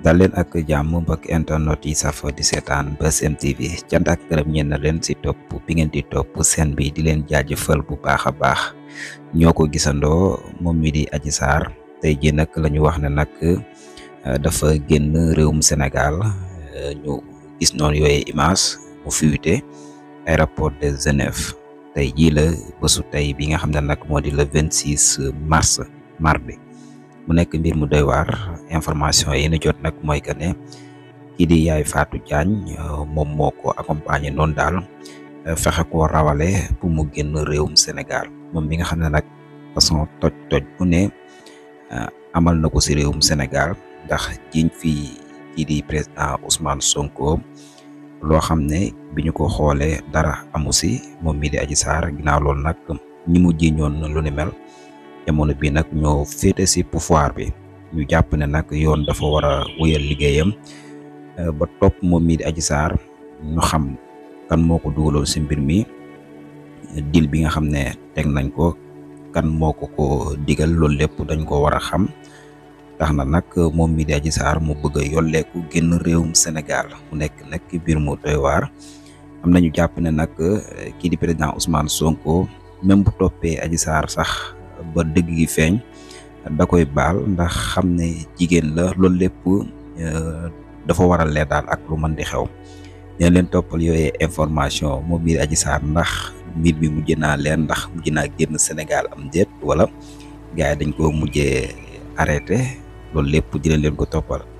dal leen ak jàmm mbokk internet yi saf di seetaan Buzz M TV cant ak gërëm ñeen na leen si topp bi ngeen di topp seen bi di leen jaajëfal bu baax a baax ñoo ko gisandoo moom mi di Adji Sarr tey jii nag la wax ne nag euh, dafa génn réewum Sénégal euh, ñu gis noonu yooyu image mu fuité aéroport de Genève tey jii la bésu tey bi nga xam na nag moo di le 26 mars mardi mu nek mbir mu doy war information yi ñu jot nak moy que ne di yaay Fatou Diagne euh, mom moko accompagner non dal euh, fexé ko rawale pour mu génn réewum Sénégal mom bi nga xamné nak façon toj-toj bu né euh, amal nako ci réewum Sénégal ndax jiñ fi ki di président Ousmane Sonko loo xamné biñu ko xolé dara amusi mom mi di Adji sar ginaaw lol nak ñi mu lu ni mel. jamono bi nag ñoo féete si pouvoir bi ñu jàpp ne nag yoon dafa war a wéyal liggéeyam eh, ba topp moom mii di saar ñu xam kan moo ko dugaloon si mbir mi dil bi nga xam ne teg nañ ko kan moo ko ko digal lépp dañ ko war a xam tax na nag moom mii di Adji Sarr mu bëgg a yolleeku génn réewum Sénégal mu nekk nag mbir mu doy waar am nañu jàpp ne nag eh, kii di président Ousmane Sonko même bu toppee Adji Sarr sax ba dëgg gi feeñ da koy baal ndax xam ne jigéen la loolu lépp euh, dafa waral leer daal ak lu man di xew dina leen toppal yooyee information moom biir Adji Sarr ndax mbir mi mujj naa leer ndax mujj naa génn Sénégal am déet wala gars yi dañ ko mujjee arrêté loolu lépp dina leen ko toppal